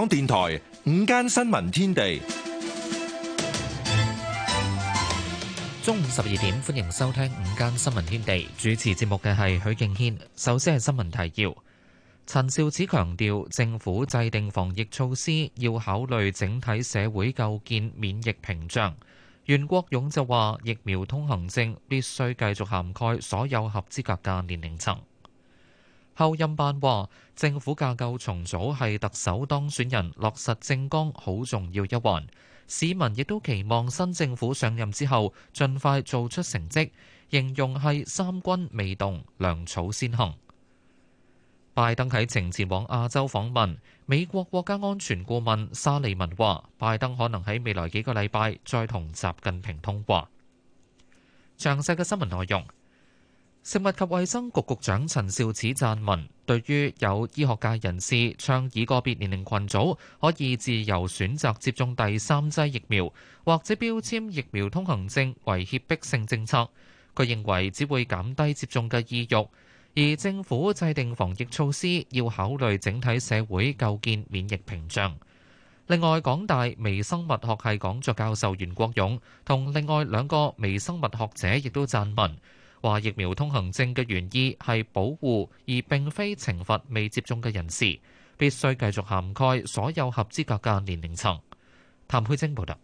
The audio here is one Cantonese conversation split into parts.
香港電台午間新聞天地，中午十二點，歡迎收聽午間新聞天地。主持節目嘅係許敬軒。首先係新聞提要：陳肇始強調，政府制定防疫措施要考慮整體社會構建免疫屏障。袁國勇就話，疫苗通行證必須繼續涵蓋所有合資格嘅年齡層。候任辦話，政府架構重組係特首當選人落實政綱好重要一環。市民亦都期望新政府上任之後，盡快做出成績，形容係三軍未動，糧草先行。拜登啟程前往亞洲訪問，美國國家安全顧問沙利文話，拜登可能喺未來幾個禮拜再同習近平通話。詳細嘅新聞內容。食物及衛生局局長陳肇始撰文，對於有醫學界人士倡議個別年齡羣組可以自由選擇接種第三劑疫苗，或者標籤疫苗通行證為脅迫性政策，佢認為只會減低接種嘅意欲。而政府制定防疫措施要考慮整體社會構建免疫屏障。另外，港大微生物學系講座教授袁國勇同另外兩個微生物學者亦都撰文。話疫苗通行證嘅原意係保護，而並非懲罰未接種嘅人士，必須繼續涵蓋所有合資格嘅年齡層。譚佩晶報道。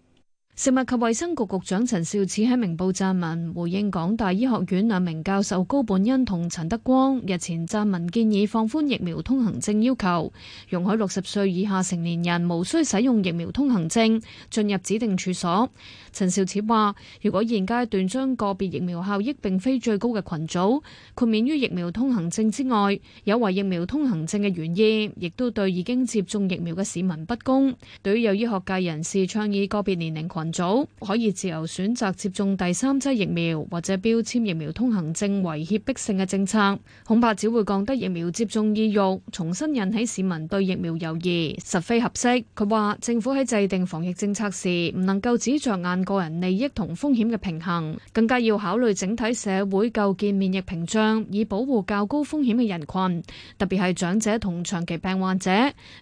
食物及衛生局局長陳肇始喺明報撰文回應港大醫學院兩名教授高本恩同陳德光日前撰文建議放寬疫苗通行證要求，容許六十歲以下成年人無需使用疫苗通行證進入指定處所。陳肇始話：如果現階段將個別疫苗效益並非最高嘅群組豁免於疫苗通行證之外，有違疫苗通行證嘅原意，亦都對已經接種疫苗嘅市民不公。對於有醫學界人士倡議個別年齡群組可以自由選擇接種第三劑疫苗，或者標籤疫苗通行證為脅迫性嘅政策，恐怕只會降低疫苗接種意欲，重新引起市民對疫苗猶疑，實非合適。佢話政府喺制定防疫政策時，唔能夠只着眼個人利益同風險嘅平衡，更加要考慮整體社會構建免疫屏障，以保護較高風險嘅人群，特別係長者同長期病患者，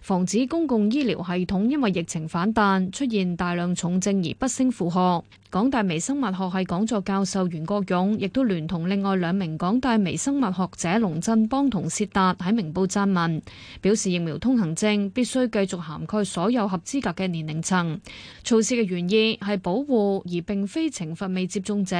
防止公共醫療系統因為疫情反彈出現大量重症而不勝負荷，港大微生物學系講座教授袁國勇亦都聯同另外兩名港大微生物學者龍振邦同薛達喺明報撰文，表示疫苗通行證必須繼續涵蓋所有合資格嘅年齡層。措施嘅原意係保護，而並非懲罰未接種者。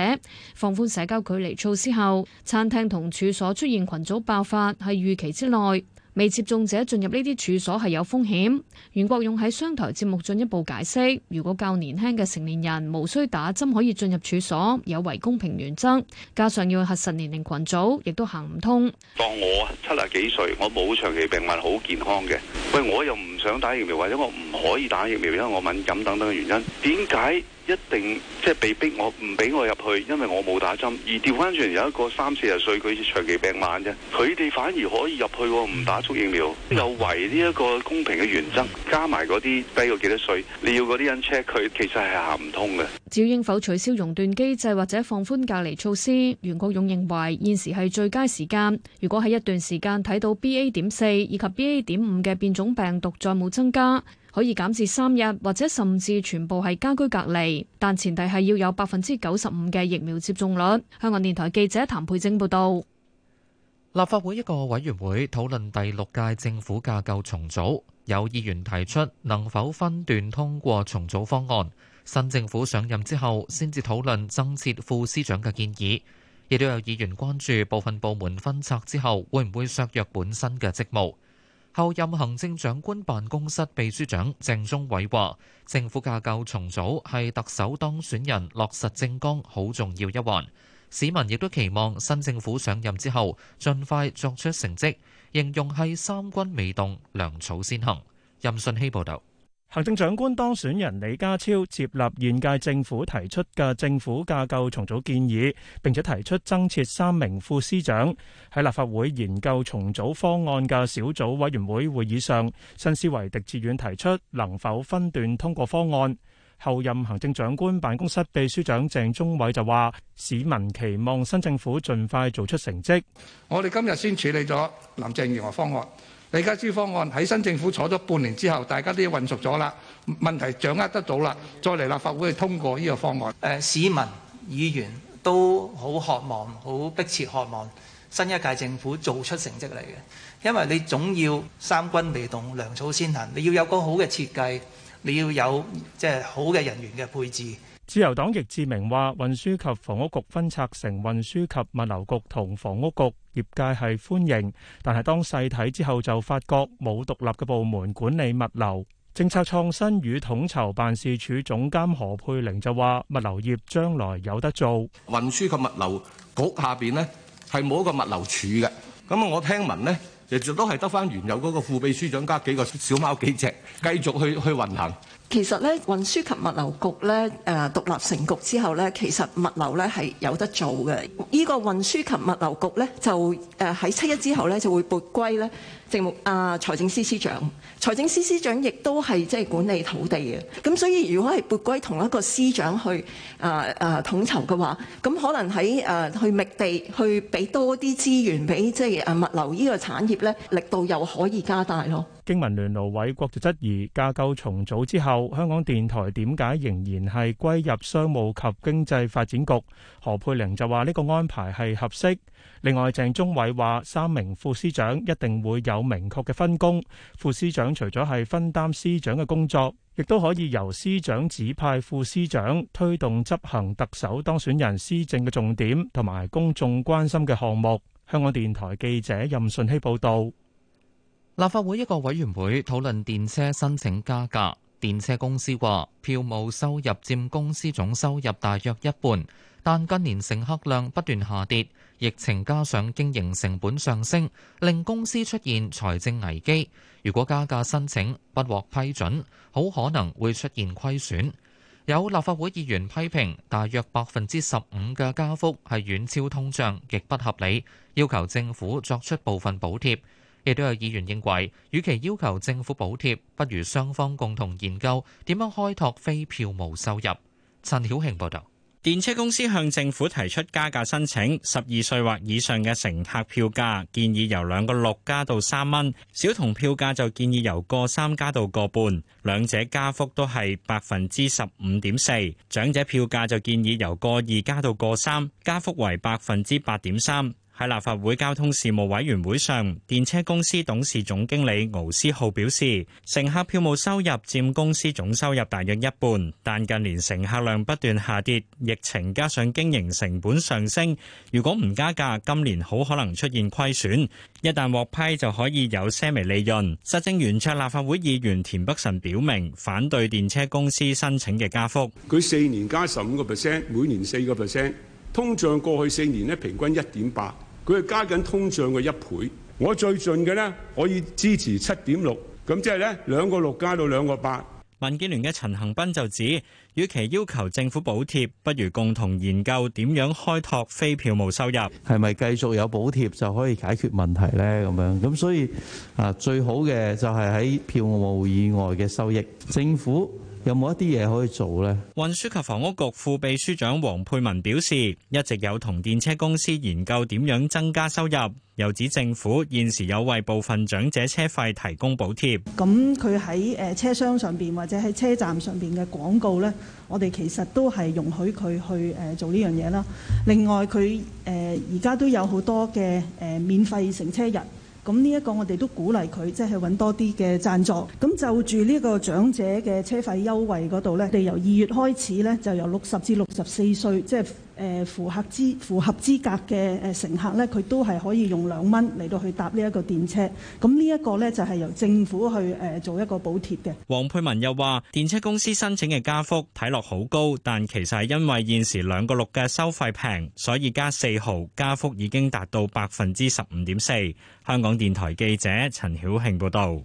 放寬社交距離措施後，餐廳同處所出現群組爆發係預期之內。未接種者進入呢啲處所係有風險。袁國勇喺商台節目進一步解釋：如果較年輕嘅成年人無需打針可以進入處所，有違公平原則，加上要核實年齡群組，亦都行唔通。當我七十幾歲，我冇長期病患，好健康嘅，喂我又唔想打疫苗，或者我唔可以打疫苗，因為我敏感等等嘅原因。點解一定即係被逼我，唔俾我入去？因為我冇打針，而調翻轉有一個三四十歲佢長期病慢啫，佢哋反而可以入去，唔打足疫苗，有違呢一個公平嘅原則，加埋嗰啲低過幾多歲，你要嗰啲人 check 佢，其實係行唔通嘅。至於應否取消熔斷機制或者放寬隔離措施，袁國勇認為現時係最佳時間，如果喺一段時間睇到 BA. 點四以及 BA. 點五嘅變種病毒再冇增加，可以減至三日，或者甚至全部係家居隔離，但前提係要有百分之九十五嘅疫苗接種率。香港電台記者譚佩貞報道。立法會一個委員會討論第六屆政府架構重組，有議員提出能否分段通過重組方案。新政府上任之後，先至討論增設副司長嘅建議。亦都有議員關注部分部門分拆之後，會唔會削弱本身嘅職務。后任行政長官辦公室秘書長鄭中偉話，政府架構重組係特首當選人落實政綱好重要一環，市民亦都期望新政府上任之後盡快作出成績，形容係三軍未動，糧草先行。任信希報道。行政長官當選人李家超接納現屆政府提出嘅政府架構重組建議，並且提出增設三名副司長。喺立法會研究重組方案嘅小組委員會會議上，新思維狄志遠提出能否分段通過方案。候任行政長官辦公室秘書長鄭中偉就話：市民期望新政府盡快做出成績。我哋今日先處理咗林鄭月娥方案。李家超方案喺新政府坐咗半年之後，大家都要混熟咗啦。問題掌握得到啦，再嚟立法會去通過呢個方案。誒，市民、議員都好渴望、好迫切渴望新一屆政府做出成績嚟嘅。因為你總要三軍未動糧草先行。你要有個好嘅設計，你要有即係好嘅人員嘅配置。自由黨易志明話：運輸及房屋局分拆成運輸及物流局同房屋局，業界係歡迎。但係當細睇之後就發覺冇獨立嘅部門管理物流。政策創新與統籌辦事處總監何佩玲就話：物流業將來有得做。運輸及物流局下邊呢係冇一個物流處嘅。咁啊，我聽聞呢，亦都係得返原有嗰個副秘書長加幾個小貓幾隻，繼續去去運行。其實咧，運輸及物流局咧誒、呃、獨立成局之後咧，其實物流咧係有得做嘅。呢、呢個運輸及物流局咧就誒喺、呃、七一之後咧就會撥歸咧政務啊財政司司長，財政司司長亦都係即係管理土地嘅。咁所以如果係撥歸同一個司長去啊啊統籌嘅話，咁可能喺誒去覓地、去俾多啲資源俾即係誒物流呢個產業咧，力度又可以加大咯。經民聯盧偉國就質疑架構重組之後，香港電台點解仍然係歸入商務及經濟發展局？何佩玲就話呢個安排係合適。另外，鄭中偉話三名副司長一定會有明確嘅分工。副司長除咗係分擔司長嘅工作，亦都可以由司長指派副司長推動執行特首當選人施政嘅重點同埋公眾關心嘅項目。香港電台記者任順希報道。立法會一個委員會討論電車申請加價，電車公司話票務收入佔公司總收入大約一半，但近年乘客量不斷下跌，疫情加上經營成本上升，令公司出現財政危機。如果加價申請不獲批准，好可能會出現虧損。有立法會議員批評，大約百分之十五嘅加幅係遠超通脹，極不合理，要求政府作出部分補貼。亦都有議員認為，與其要求政府補貼，不如雙方共同研究點樣開拓非票務收入。陳曉慶報導。電車公司向政府提出加價申請，十二歲或以上嘅乘客票價建議由兩個六加到三蚊，小童票價就建議由個三加到個半，兩者加幅都係百分之十五點四，長者票價就建議由個二加到個三，加幅為百分之八點三。喺立法會交通事務委員會上，電車公司董事總經理敖思浩表示，乘客票務收入佔公司總收入大約一半，但近年乘客量不斷下跌，疫情加上經營成本上升，如果唔加價，今年好可能出現虧損。一旦獲批就可以有些微利潤。實政圓桌立法會議員田北辰表明反對電車公司申請嘅加幅，佢四年加十五個 percent，每年四個 percent，通脹過去四年咧平均一點八。佢係加緊通脹嘅一倍，我最盡嘅呢，可以支持七點六，咁即係呢兩個六加到兩個八。民建聯嘅陳恒斌就指，與其要求政府補貼，不如共同研究點樣開拓非票務收入。係咪繼續有補貼就可以解決問題呢？咁樣咁所以啊，最好嘅就係喺票務以外嘅收益，政府。有冇一啲嘢可以做咧？運輸及房屋局副秘書長黃佩文表示，一直有同電車公司研究點樣增加收入，又指政府現時有為部分長者車費提供補貼。咁佢喺誒車廂上邊或者喺車站上邊嘅廣告咧，我哋其實都係容許佢去誒做呢樣嘢啦。另外，佢誒而家都有好多嘅誒免費乘車日。咁呢一個我哋都鼓勵佢，即係揾多啲嘅贊助。咁就住呢個長者嘅車費優惠嗰度咧，我哋由二月開始咧，就由六十至六十四歲，即係。誒符合資符合資格嘅誒乘客咧，佢都係可以用兩蚊嚟到去搭呢一個電車。咁呢一個呢，就係由政府去誒做一個補貼嘅。黃佩文又話：電車公司申請嘅加幅睇落好高，但其實係因為現時兩個六嘅收費平，所以加四毫，加幅已經達到百分之十五點四。香港電台記者陳曉慶報道。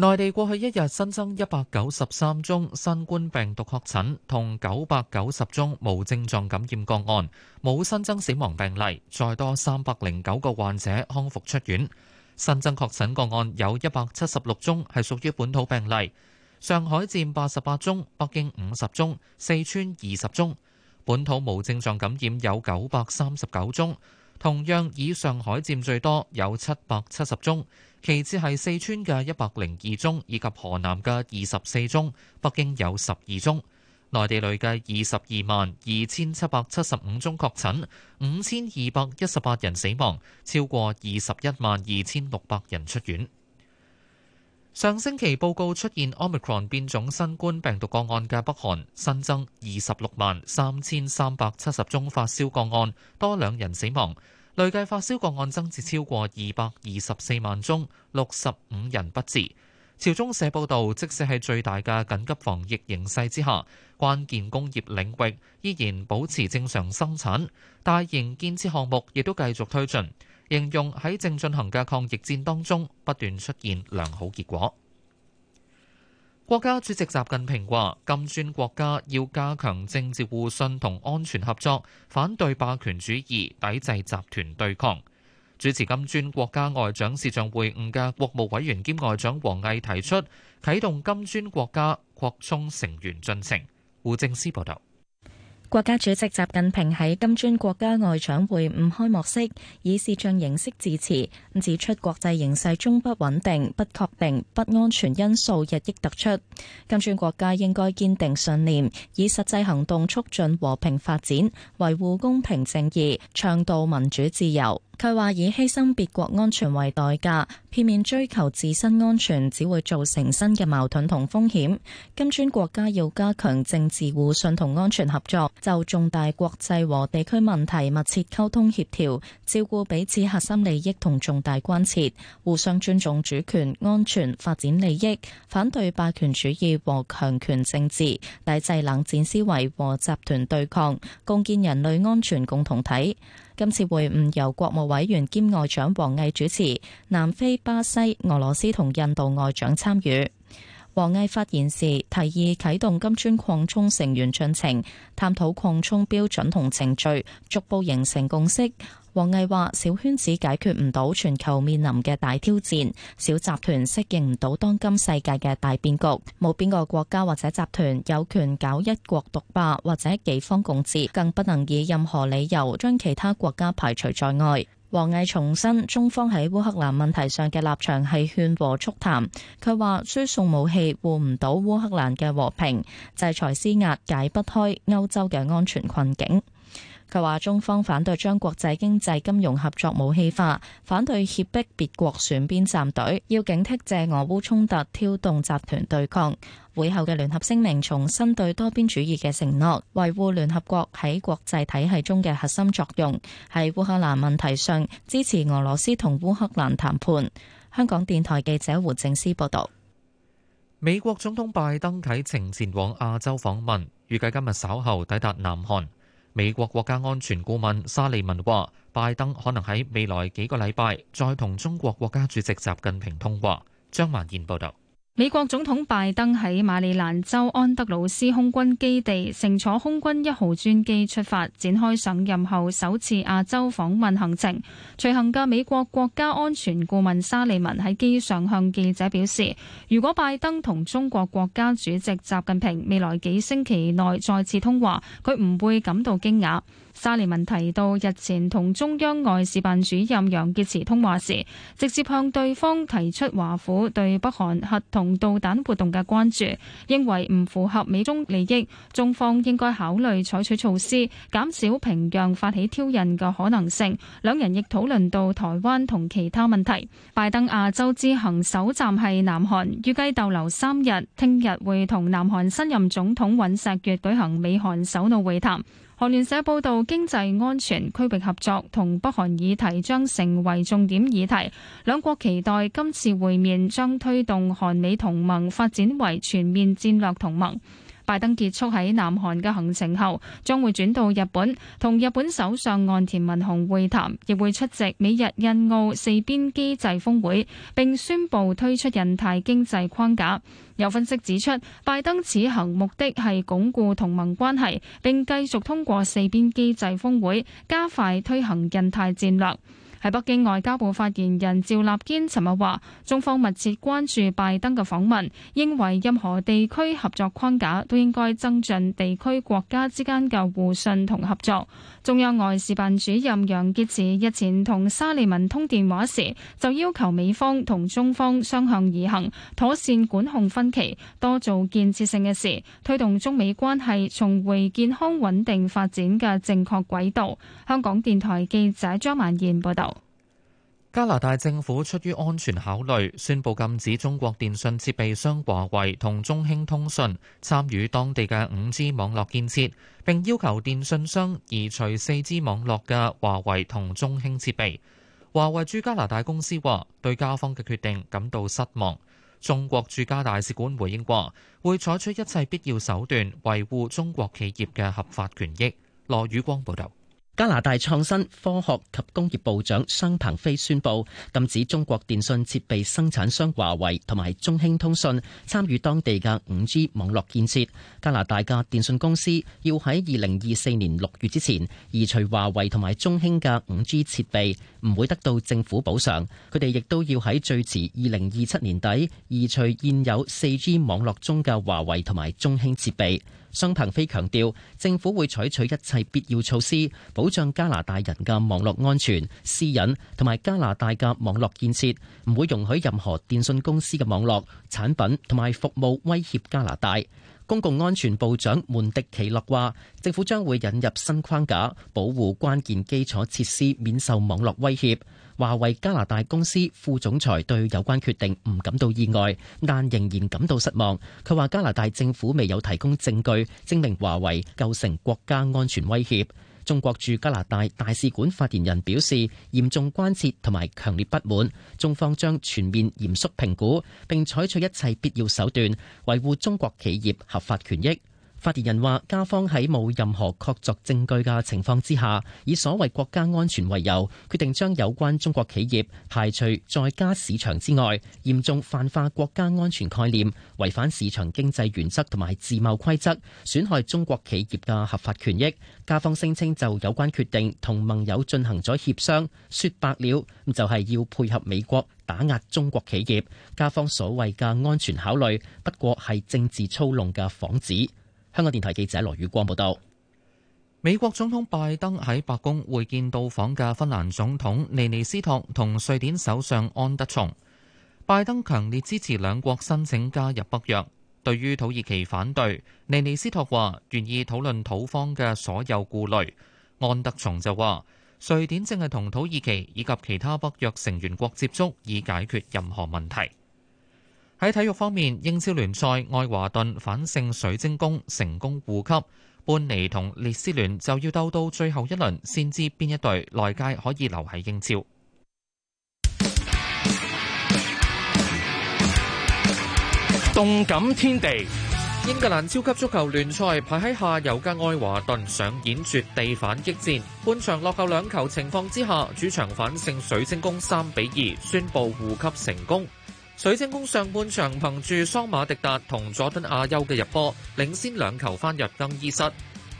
內地過去一日新增一百九十三宗新冠病毒確診同九百九十宗無症狀感染個案，冇新增死亡病例，再多三百零九個患者康復出院。新增確診個案有一百七十六宗係屬於本土病例，上海佔八十八宗，北京五十宗，四川二十宗。本土無症狀感染有九百三十九宗，同樣以上海佔最多，有七百七十宗。其次係四川嘅一百零二宗，以及河南嘅二十四宗，北京有十二宗。內地累計二十二萬二千七百七十五宗確診，五千二百一十八人死亡，超過二十一萬二千六百人出院。上星期報告出現 Omicron 變種新冠病毒個案嘅北韓，新增二十六萬三千三百七十宗發燒個案，多兩人死亡。累計發燒個案增至超過二百二十四萬宗，六十五人不治。朝中社報導，即使喺最大嘅緊急防疫形勢之下，關鍵工業領域依然保持正常生產，大型建設項目亦都繼續推進，形容喺正進行嘅抗疫戰當中不斷出現良好結果。國家主席習近平話：金磚國家要加強政治互信同安全合作，反對霸權主義，抵制集團對抗。主持金磚國家外長視像會晤嘅國務委員兼外長王毅提出，啟動金磚國家擴充成員進程。胡正思報道。國家主席習近平喺金磚國家外長會晤開幕式以視像形式致辭，指出國際形勢中不穩定、不確定、不安全因素日益突出，金磚國家應該堅定信念，以實際行動促進和平發展，維護公平正義，倡導民主自由。佢話：以犧牲別國安全為代價，片面追求自身安全，只會造成新嘅矛盾同風險。金磚國家要加強政治互信同安全合作，就重大國際和地區問題密切溝通協調，照顧彼此核心利益同重大關切，互相尊重主權、安全、發展利益，反對霸權主義和強權政治，抵制冷戰思維和集團對抗，共建人類安全共同體。今次會晤由國務委員兼外長王毅主持，南非、巴西、俄羅斯同印度外長參與。王毅發言時提議啟動金磚擴充成員進程，探討擴充標準同程序，逐步形成共識。王毅話：小圈子解決唔到全球面臨嘅大挑戰，小集團適應唔到當今世界嘅大變局。冇邊個國家或者集團有權搞一國獨霸或者幾方共治，更不能以任何理由將其他國家排除在外。王毅重申，中方喺烏克蘭問題上嘅立場係勸和促談。佢話：輸送武器換唔到烏克蘭嘅和平，制裁施壓解不開歐洲嘅安全困境。佢話：中方反對將國際經濟金融合作武器化，反對脅迫別國選邊站隊，要警惕借俄烏衝突挑動集團對抗。會後嘅聯合聲明重申對多邊主義嘅承諾，維護聯合國喺國際體系中嘅核心作用，喺烏克蘭問題上支持俄羅斯同烏克蘭談判。香港電台記者胡正思報道。美國總統拜登啟程前往亞洲訪問，預計今日稍後抵達南韓。美國國家安全顧問沙利文話：拜登可能喺未來幾個禮拜再同中國國家主席習近平通話。張曼賢報道。美國總統拜登喺馬里蘭州安德魯斯空軍基地乘坐空軍一號專機出發，展開上任後首次亞洲訪問行程。隨行嘅美國國家安全顧問沙利文喺機上向記者表示，如果拜登同中國國家主席習近平未來幾星期內再次通話，佢唔會感到驚訝。沙利文提到，日前同中央外事辦主任楊潔篪通話時，直接向對方提出華府對北韓核同導彈活動嘅關注，認為唔符合美中利益，中方應該考慮採取措施，減少平壤發起挑釁嘅可能性。兩人亦討論到台灣同其他問題。拜登亞洲之行首站係南韓，預計逗留三日，聽日會同南韓新任總統尹錫悅舉行美韓首腦會談。韓聯社報導，經濟安全區域合作同北韓議題將成為重點議題，兩國期待今次會面將推動韓美同盟發展為全面戰略同盟。拜登結束喺南韓嘅行程後，將會轉到日本，同日本首相岸田文雄會談，亦會出席美日印澳四邊機制峰會，並宣布推出印太經濟框架。有分析指出，拜登此行目的係鞏固同盟關係，並繼續通過四邊機制峰會，加快推行印太戰略。喺北京外交部發言人趙立堅尋日話，中方密切關注拜登嘅訪問，認為任何地區合作框架都應該增進地區國家之間嘅互信同合作。中央外事辦主任楊潔篪日前同沙利文通電話時，就要求美方同中方相向而行，妥善管控分歧，多做建設性嘅事，推動中美關係重回健康穩定發展嘅正確軌道。香港電台記者張曼燕報道。加拿大政府出於安全考慮宣布禁止中國電信設備商華為同中興通訊參與當地嘅五 G 網絡建設，並要求電信商移除四 G 網絡嘅華為同中興設備。華為駐加拿大公司話對加方嘅決定感到失望。中國駐加大使館回應話，會採取一切必要手段維護中國企業嘅合法權益。羅宇光報道。加拿大創新科學及工業部長商鵬飛宣布，禁止中國電信設備生產商華為同埋中興通訊參與當地嘅 5G 網絡建設。加拿大嘅電信公司要喺二零二四年六月之前移除華為同埋中興嘅 5G 設備，唔會得到政府補償。佢哋亦都要喺最遲二零二七年底移除現有 4G 網絡中嘅華為同埋中興設備。商鵬飛強調，政府會採取一切必要措施，保障加拿大人嘅網絡安全、私隱同埋加拿大嘅網絡建設，唔會容許任何電信公司嘅網絡產品同埋服務威脅加拿大。公共安全部長曼迪奇諾話：政府將會引入新框架，保護關鍵基礎設施免受網絡威脅。華為加拿大公司副總裁對有關決定唔感到意外，但仍然感到失望。佢話加拿大政府未有提供證據證明華為構成國家安全威脅。中國駐加拿大大使館發言人表示，嚴重關切同埋強烈不滿，中方將全面嚴肅評估，並採取一切必要手段維護中國企業合法權益。發言人話，加方喺冇任何確鑿證據嘅情況之下，以所謂國家安全為由，決定將有關中國企業排除在加市場之外，嚴重泛化國家安全概念，違反市場經濟原則同埋自貿規則，損害中國企業嘅合法權益。加方聲稱就有關決定同盟友進行咗協商，說白了，咁就係要配合美國打壓中國企業。加方所謂嘅安全考慮，不過係政治操弄嘅幌子。香港電台記者羅宇光報道，美國總統拜登喺白宮會見到訪嘅芬蘭總統尼尼斯托同瑞典首相安德松。拜登強烈支持兩國申請加入北約，對於土耳其反對，尼尼斯托話願意討論土方嘅所有顧慮。安德松就話，瑞典正係同土耳其以及其他北約成員國接觸，以解決任何問題。喺體育方面，英超聯賽愛華頓反勝水晶宮成功護級，般尼同列斯聯就要鬥到最後一輪先知邊一隊內界可以留喺英超。動感天地，英格蘭超級足球聯賽排喺下游嘅愛華頓上演絕地反擊戰，半場落後兩球情況之下，主場反勝水晶宮三比二宣佈護級成功。水晶宮上半場憑住桑馬迪達同佐敦阿優嘅入波，領先兩球返入更衣室。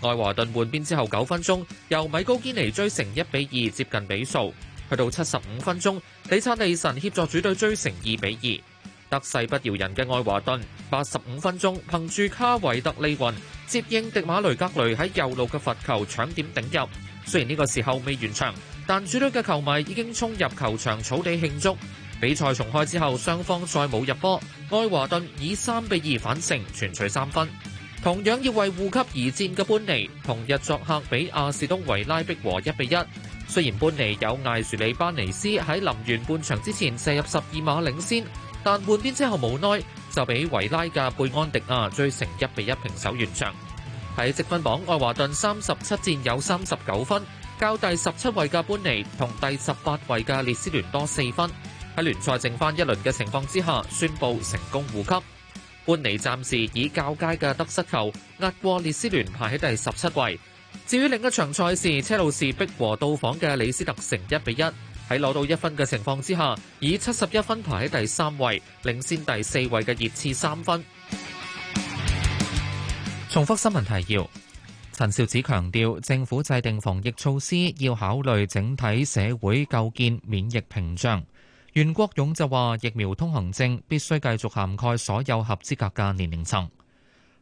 愛華頓換邊之後九分鐘，由米高堅尼追成一比二接近比數。去到七十五分鐘，李察利神協助主隊追成二比二。得勢不饒人嘅愛華頓，八十五分鐘憑住卡維特利雲接應迪馬雷格雷喺右路嘅罰球搶點頂入。雖然呢個時候未完場，但主隊嘅球迷已經衝入球場草地慶祝。比賽重開之後，雙方再冇入波，愛華頓以三比二反勝，全取三分。同樣要為護級而戰嘅班尼，同日作客比阿士東維拉逼和一比一。雖然班尼有艾殊里班尼斯喺臨完半場之前射入十二碼領先，但換邊之後無奈就俾維拉嘅貝安迪亞追成一比一平手完場。喺積分榜，愛華頓三十七戰有三十九分，較第十七位嘅班尼同第十八位嘅列斯聯多四分。喺聯賽剩翻一輪嘅情況之下，宣布成功護級。般尼暫時以較佳嘅得失球壓過列斯聯，排喺第十七位。至於另一場賽事，車路士逼和到訪嘅李斯特城一比一，喺攞到一分嘅情況之下，以七十一分排喺第三位，領先第四位嘅熱刺三分。重複新聞提要：陳肇始強調，政府制定防疫措施要考慮整體社會構建免疫屏障。袁國勇就話：疫苗通行證必須繼續涵蓋所有合資格嘅年齡層。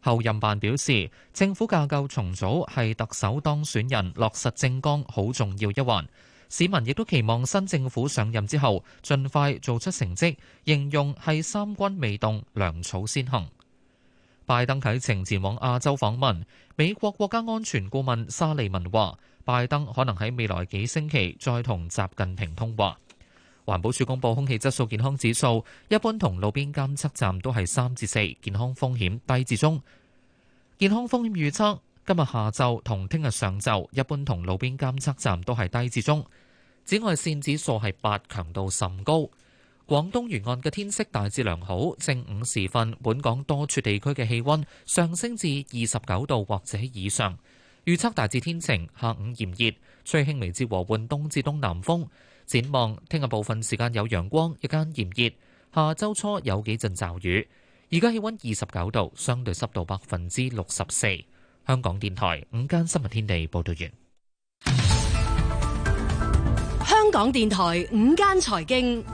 候任辦表示，政府架構重組係特首當選人落實政綱好重要一環。市民亦都期望新政府上任之後，盡快做出成績，形容係三軍未動，糧草先行。拜登啟程前往亞洲訪問，美國國家安全顧問沙利文話：拜登可能喺未來幾星期再同習近平通話。環保署公布空氣質素健康指數，一般同路邊監測站都係三至四，健康風險低至中。健康風險預測，今日下晝同聽日上晝，一般同路邊監測站都係低至中。紫外綫指數係八，強度甚高。廣東沿岸嘅天色大致良好，正午時分，本港多處地區嘅氣溫上升至二十九度或者以上。預測大致天晴，下午炎熱，吹輕微至和緩東至東南風。展望聽日部分時間有陽光，日間炎熱，下周初有幾陣驟雨。而家氣溫二十九度，相對濕度百分之六十四。香港電台午間新聞天地報道完。香港電台午間財經，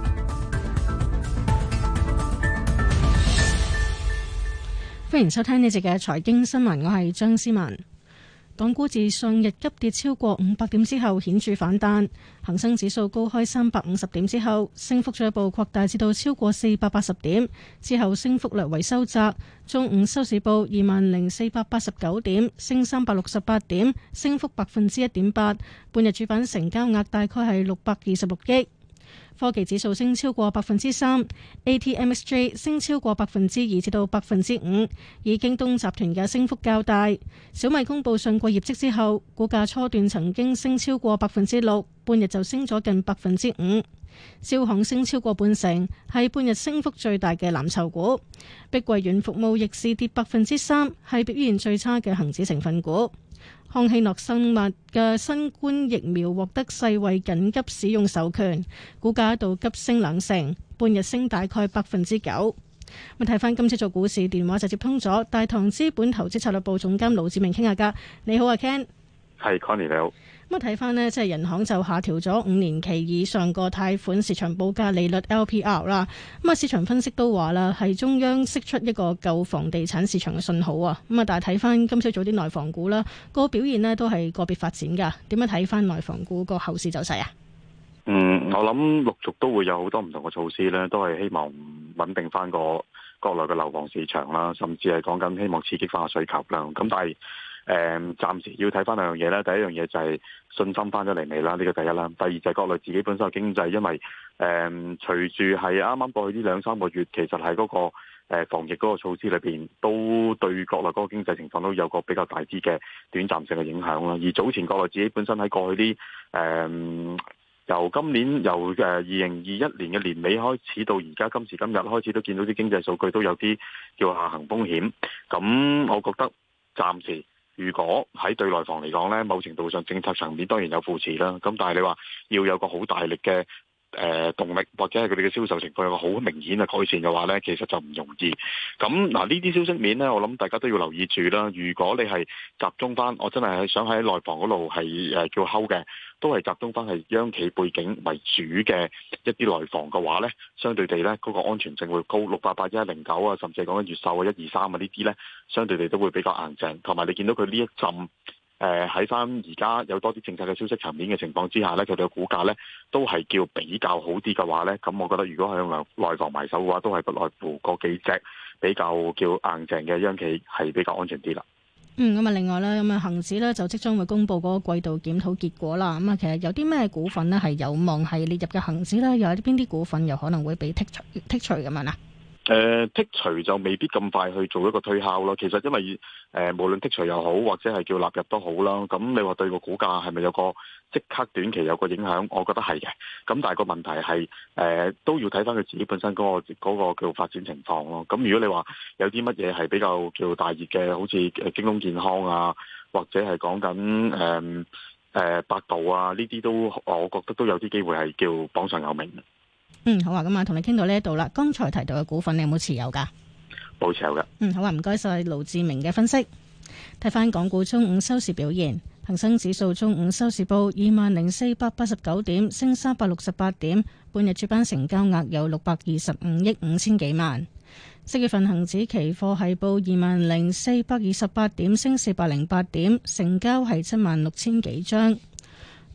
歡迎收聽呢節嘅財經新聞，我係張思文。港股自上日急跌超過五百點之後顯著反彈，恒生指數高開三百五十點之後，升幅再一步擴大至到超過四百八十點之後，升幅略為收窄。中午收市報二萬零四百八十九點，升三百六十八點，升幅百分之一點八。半日主板成交額大概係六百二十六億。科技指數升超過百分之三，A T M S J 升超過百分之二至到百分之五，以京東集團嘅升幅較大。小米公布上季業績之後，股價初段曾經升超過百分之六，半日就升咗近百分之五。招行升超過半成，係半日升幅最大嘅藍籌股。碧桂園服務逆市跌百分之三，係表現最差嘅恒指成分股。康希諾生物嘅新冠疫苗獲得世衛緊急使用授權，股價一度急升兩成，半日升大概百分之九。咁睇翻今次做股市電話就接通咗，大唐資本投資策略部總監盧志明傾下偈，你好啊 Ken，係，Connie，你好。咁啊，睇翻呢，即係人行就下調咗五年期以上個貸款市場報價利率 LPR 啦。咁啊，市場分析都話啦，係中央釋出一個救房地產市場嘅信號啊。咁啊，但係睇翻今朝早啲內房股啦，個、啊、表現呢都係個別發展噶點樣睇翻內房股個後市走勢啊？嗯，我諗陸續都會有好多唔同嘅措施呢，都係希望穩定翻個國內嘅樓房市場啦，甚至係講緊希望刺激翻個需求啦。咁但係。嗯誒，暫時要睇翻兩樣嘢啦。第一樣嘢就係信心翻咗嚟未啦，呢個第一啦。第二就係國內自己本身嘅經濟，因為誒、嗯，隨住係啱啱過去呢兩三個月，其實係嗰個防疫嗰個措施裏邊，都對國內嗰個經濟情況都有個比較大啲嘅短暫性嘅影響啦。而早前國內自己本身喺過去啲誒、嗯，由今年由誒二零二一年嘅年尾開始到而家今時今日開始都見到啲經濟數據都有啲叫下行風險。咁我覺得暫時。如果喺對內房嚟講呢，某程度上政策層面當然有扶持啦。咁但係你話要有個好大力嘅。誒、呃、動力或者係佢哋嘅銷售情況有個好明顯嘅改善嘅話呢，其實就唔容易。咁嗱，呢啲消息面呢，我諗大家都要留意住啦。如果你係集中翻，我真係係想喺內房嗰度係誒叫睺嘅，都係集中翻係央企背景為主嘅一啲內房嘅話呢，相對地呢，嗰、嗰個安全性會高。六八八一零九啊，甚至係講緊越秀啊，一二三啊呢啲呢，相對地都會比較硬淨。同埋你見到佢呢一陣。誒，喺翻而家有多啲政策嘅消息層面嘅情況之下咧，佢哋嘅股價咧都係叫比較好啲嘅話咧，咁我覺得如果向內內防埋手嘅話，都係不外乎嗰幾隻比較叫硬淨嘅央企係比較安全啲啦。嗯，咁啊，另外咧，咁啊，恒指咧就即將會公布嗰個季度檢討結果啦。咁啊，其實有啲咩股份咧係有望係列入嘅恒指咧，又有邊啲股份又可能會被剔除剔除咁樣啊？誒、呃、剔除就未必咁快去做一個推敲咯，其實因為誒、呃、無論剔除又好或者係叫納入都好啦，咁你話對個股價係咪有個即刻短期有個影響？我覺得係嘅，咁但係個問題係誒、呃、都要睇翻佢自己本身嗰、嗰個、嗰個叫發展情況咯。咁如果你話有啲乜嘢係比較叫大熱嘅，好似誒京東健康啊，或者係講緊誒誒百度啊，呢啲都我覺得都有啲機會係叫榜上有名嘅。嗯，好啊，咁啊，同你傾到呢一度啦。剛才提到嘅股份，你有冇持有㗎？冇持有㗎。嗯，好啊，唔該晒盧志明嘅分析。睇返港股中午收市表現，恒生指數中午收市報二萬零四百八十九點，升三百六十八點，半日主板成交額有六百二十五億五千幾萬。四月份恒指期貨係報二萬零四百二十八點，升四百零八點，成交係七萬六千幾張。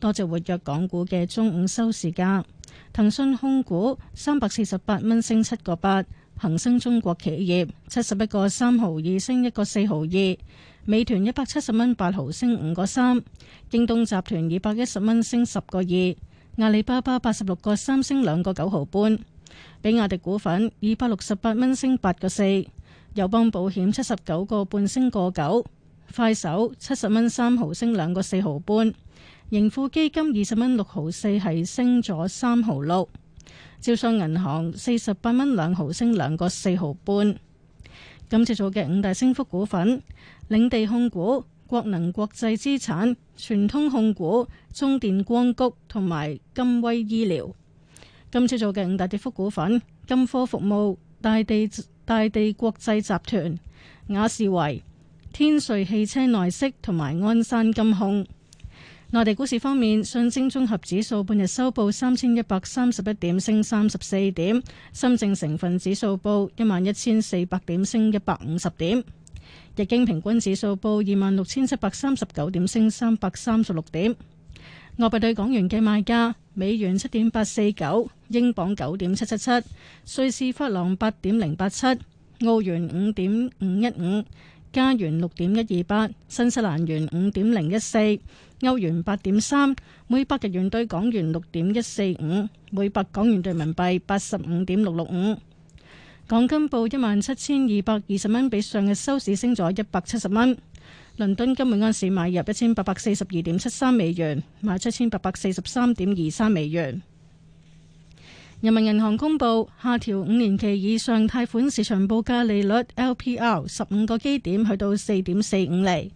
多隻活躍港股嘅中午收市價，騰訊控股三百四十八蚊升七個八，恒生中國企業七十一個三毫二升一個四毫二，美團一百七十蚊八毫升五個三，京東集團二百一十蚊升十個二，阿里巴巴八十六個三升兩個九毫半，比亞迪股份二百六十八蚊升八個四，友邦保險七十九個半升個九，快手七十蚊三毫升兩個四毫半。盈富基金二十蚊六毫四係升咗三毫六，招商銀行四十八蚊兩毫升兩個四毫半。今次做嘅五大升幅股份：領地控股、國能國際資產、全通控股、中電光谷同埋金威醫療。今次做嘅五大跌幅股份：金科服務、大地大地國際集團、雅士維、天瑞汽車內飾同埋鞍山金控。內地股市方面，上證綜合指數半日收報三千一百三十一點，升三十四點；深圳成分指數報一萬一千四百點，升一百五十點；日經平均指數報二萬六千七百三十九點，升三百三十六點。外幣兌港元嘅賣價：美元七點八四九，英鎊九點七七七，瑞士法郎八點零八七，澳元五點五一五，加元六點一二八，新西蘭元五點零一四。歐元八點三，每百日元兌港元六點一四五，每百港元兌人民幣八十五點六六五。港金報一萬七千二百二十蚊，比上日收市升咗一百七十蚊。倫敦金每安士買入一千八百四十二點七三美元，賣出一千八百四十三點二三美元。人民銀行公布下調五年期以上貸款市場報價利率 LPR 十五個基點，去到四點四五厘。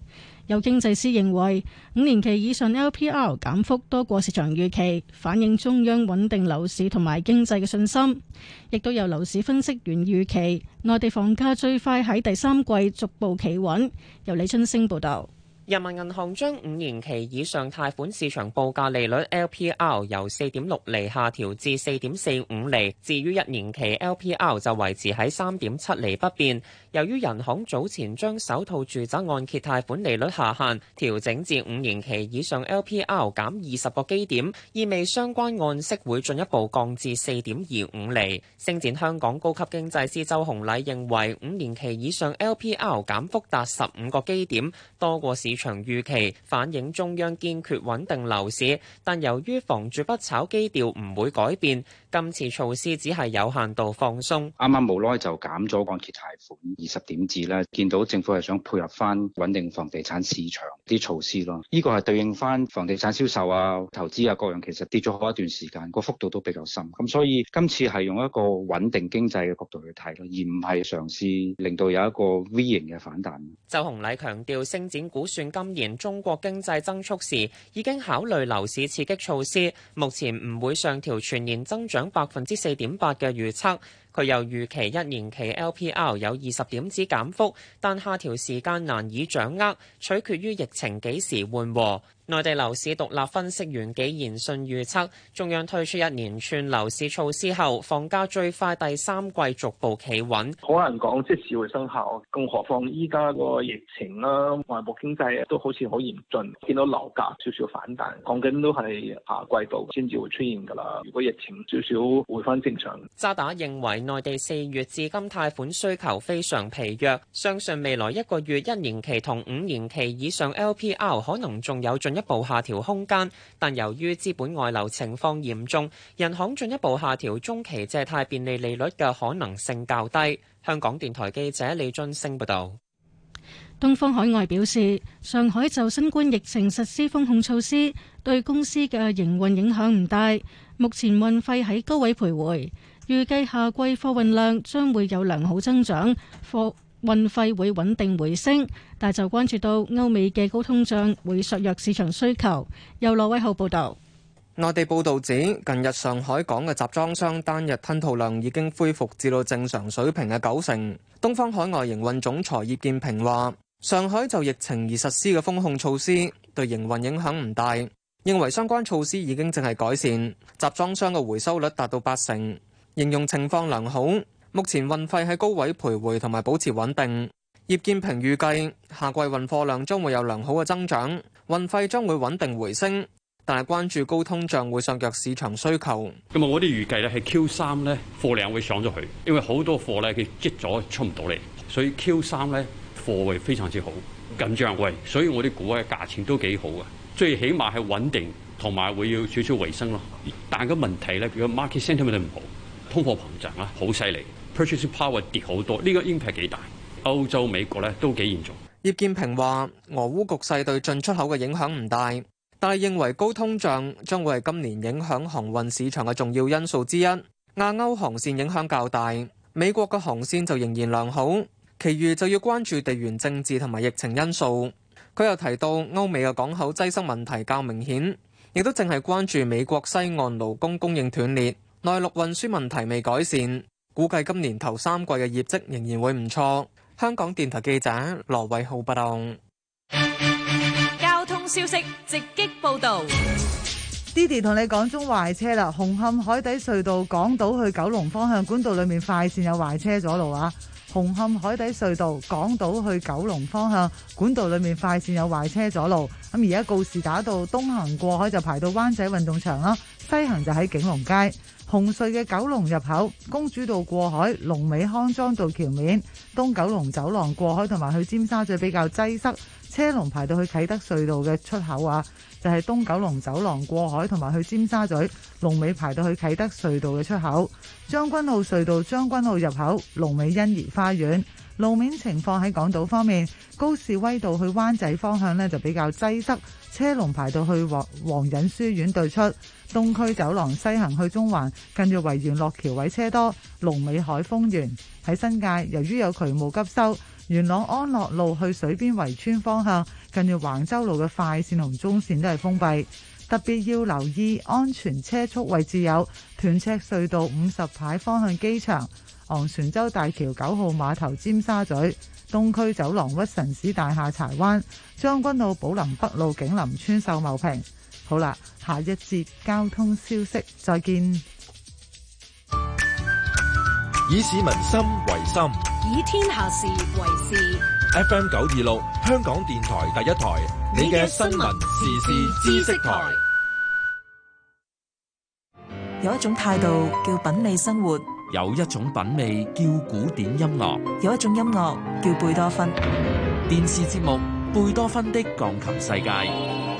有經濟師認為，五年期以上 LPR 減幅多過市場預期，反映中央穩定樓市同埋經濟嘅信心。亦都有樓市分析員預期，內地房價最快喺第三季逐步企穩。由李春星報道。人民銀行將五年期以上貸款市場報價利率 LPR 由四點六厘下調至四點四五厘，至於一年期 LPR 就維持喺三點七厘不變。由於人行早前將首套住宅按揭貸款利率下限調整至五年期以上 LPR 減二十個基點，意味相關按息會進一步降至四點二五厘。星展香港高級經濟師周洪禮認為，五年期以上 LPR 減幅達十五個基點，多過市場。長預期反映中央堅決穩定樓市，但由於房住不炒基調唔會改變。今次措施只係有限度放鬆。啱啱冇耐就減咗按揭貸款二十點至啦，見到政府係想配合翻穩定房地產市場啲措施咯。呢個係對應翻房地產銷售啊、投資啊各樣，其實跌咗好一段時間，個幅度都比較深。咁所以今次係用一個穩定經濟嘅角度去睇咯，而唔係嘗試令到有一個 V 型嘅反彈。周紅禮強調，升展估算今年中國經濟增速時已經考慮樓市刺激措施，目前唔會上調全年增長。等百分之四點八嘅預測。佢又預期一年期 LPR 有二十點子減幅，但下調時間難以掌握，取決於疫情幾時緩和。內地樓市獨立分析員紀言信預測，中央推出一連串樓市措施後，房價最快第三季逐步企穩。好難講，即時會生效，更何況依家個疫情啦，外部經濟都好似好嚴峻，見到樓價少少反彈，講緊都係下季度先至會出現㗎啦。如果疫情少少回翻正常，渣打認為。內地四月至今貸款需求非常疲弱，相信未來一個月一年期同五年期以上 LPR 可能仲有進一步下調空間，但由於資本外流情況嚴重，人行進一步下調中期借貸便利利率嘅可能性較低。香港電台記者李津星報道，東方海外表示，上海就新冠疫情實施封控措施，對公司嘅營運影響唔大，目前運費喺高位徘徊。預計夏季貨運量將會有良好增長，貨運費會穩定回升，但就關注到歐美嘅高通脹會削弱市場需求。由羅威浩報導。內地報導指，近日上海港嘅集裝箱單日吞吐量已經恢復至到正常水平嘅九成。東方海外營運總裁葉建平話：上海就疫情而實施嘅封控措施對營運影響唔大，認為相關措施已經正係改善。集裝箱嘅回收率達到八成。應用情況良好，目前運費喺高位徘徊同埋保持穩定。葉建平預計下季運貨量將會有良好嘅增長，運費將會穩定回升，但係關注高通脹會削弱市場需求。咁啊，我哋預計咧係 Q 三咧貨量會上咗去，因為好多貨咧佢積咗出唔到嚟，所以 Q 三咧貨位非常之好緊張位，所以我哋估咧價錢都幾好嘅，最起碼係穩定同埋會要少少回升咯。但係個問題咧，如果 market sentiment 唔好。通貨膨脹啊，好犀利，purchasing power 跌好多，呢個 impact 幾大？歐洲、美國咧都幾嚴重。葉建平話：俄烏局勢對進出口嘅影響唔大，但係認為高通脹將會係今年影響航運市場嘅重要因素之一。亞歐航線影響較大，美國嘅航線就仍然良好，其餘就要關注地緣政治同埋疫情因素。佢又提到歐美嘅港口擠塞問題較明顯，亦都淨係關注美國西岸勞工供應斷裂。內陸運輸問題未改善，估計今年頭三季嘅業績仍然會唔錯。香港電台記者羅偉浩報道。交通消息直擊報道 Diddy 同你講中壞車啦！紅磡海底隧道港島去九龍方向管道裏面快線有壞車阻路啊！紅磡海底隧道港島去九龍方向管道裏面快線有壞車阻路。咁而家告士打道東行過海就排到灣仔運動場啦，西行就喺景隆街。紅隧嘅九龍入口、公主道過海、龍尾康莊道橋面、東九龍走廊過海同埋去尖沙咀比較擠塞，車龍排到去啟德隧道嘅出口啊，就係、是、東九龍走廊過海同埋去尖沙咀龍尾排到去啟德隧道嘅出口。將軍澳隧道將軍澳入口、龍尾欣怡花園。路面情況喺港島方面，高士威道去灣仔方向呢就比較擠塞，車龍排到去皇皇仁書院對出；東區走廊西行去中環，近住維園落橋位車多。龍尾海豐園。喺新界，由於有渠務急收，元朗安樂路去水邊圍村方向，近住橫洲路嘅快線同中線都係封閉。特別要留意安全車速位置有斷尺隧道五十牌方向機場。昂船洲大橋九號碼頭，尖沙咀東區走廊屈臣氏大廈、柴灣、將軍澳寶林北路景林村秀茂坪。好啦，下一節交通消息，再見。以市民心為心，以天下事為事。F.M. 九二六，香港電台第一台，你嘅新聞時事知識台。有一種態度叫品味生活。有一種品味叫古典音樂，有一種音樂叫貝多芬。電視節目《貝多芬的鋼琴世界》，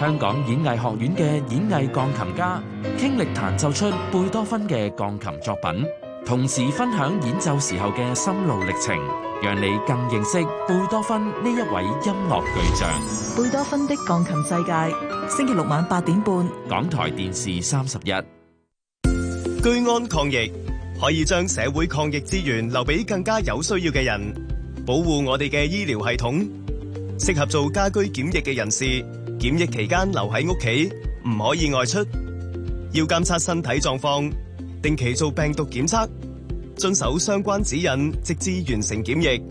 香港演藝學院嘅演藝鋼琴家傾力彈奏出貝多芬嘅鋼琴作品，同時分享演奏時候嘅心路歷程，讓你更認識貝多芬呢一位音樂巨匠。貝多芬的鋼琴世界，星期六晚八點半，港台電視三十一。居安抗疫。可以將社會抗疫資源留俾更加有需要嘅人，保護我哋嘅醫療系統。適合做家居檢疫嘅人士，檢疫期間留喺屋企，唔可以外出。要監測身體狀況，定期做病毒檢測，遵守相關指引，直至完成檢疫。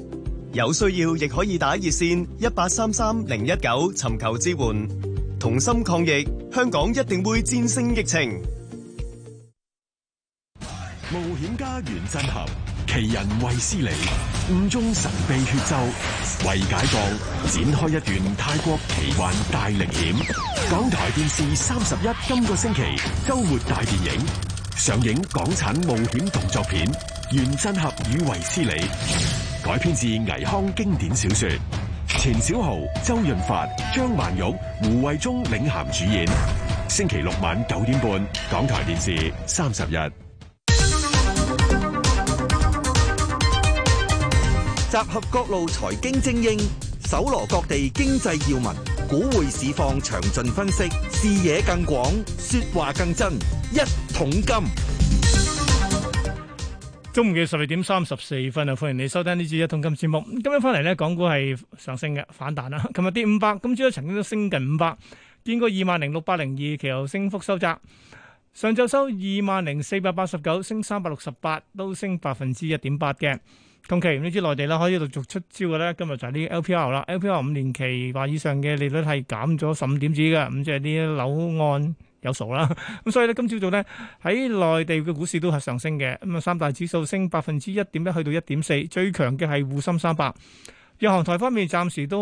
有需要亦可以打熱線一八三三零一九尋求支援。同心抗疫，香港一定會戰勝疫情。冒險家原振俠、奇人衛斯理，誤中神秘血咒為解放，展開一段泰國奇幻大歷險。港台電視三十一今個星期周末大電影上映港產冒險動作片《原振俠與衛斯理》，改編自倪匡經典小說，錢小豪、周潤發、張曼玉、胡慧中領銜主演。星期六晚九點半，港台電視三十一。集合各路財經精英，搜羅各地經濟要聞，股匯市況詳盡分析，視野更廣，說話更真。一桶金，中午嘅十二點三十四分啊！歡迎你收聽呢支一桶金節目。今日翻嚟咧，港股係上升嘅反彈啦。琴日跌五百，今朝都曾經都升近五百，見過二萬零六百零二，其後升幅收窄。上晝，收二萬零四百八十九，升三百六十八，都升百分之一點八嘅。同期，你知內地啦可以陸續出招嘅咧，今日就係啲 LPR 啦了，LPR 五年期或以上嘅利率係減咗十五點子嘅，咁即係啲樓按有數啦。咁 所以咧，今朝早咧喺內地嘅股市都係上升嘅，咁啊三大指數升百分之一點一，去到一點四，最強嘅係滬深三百。日航台方面暫時都。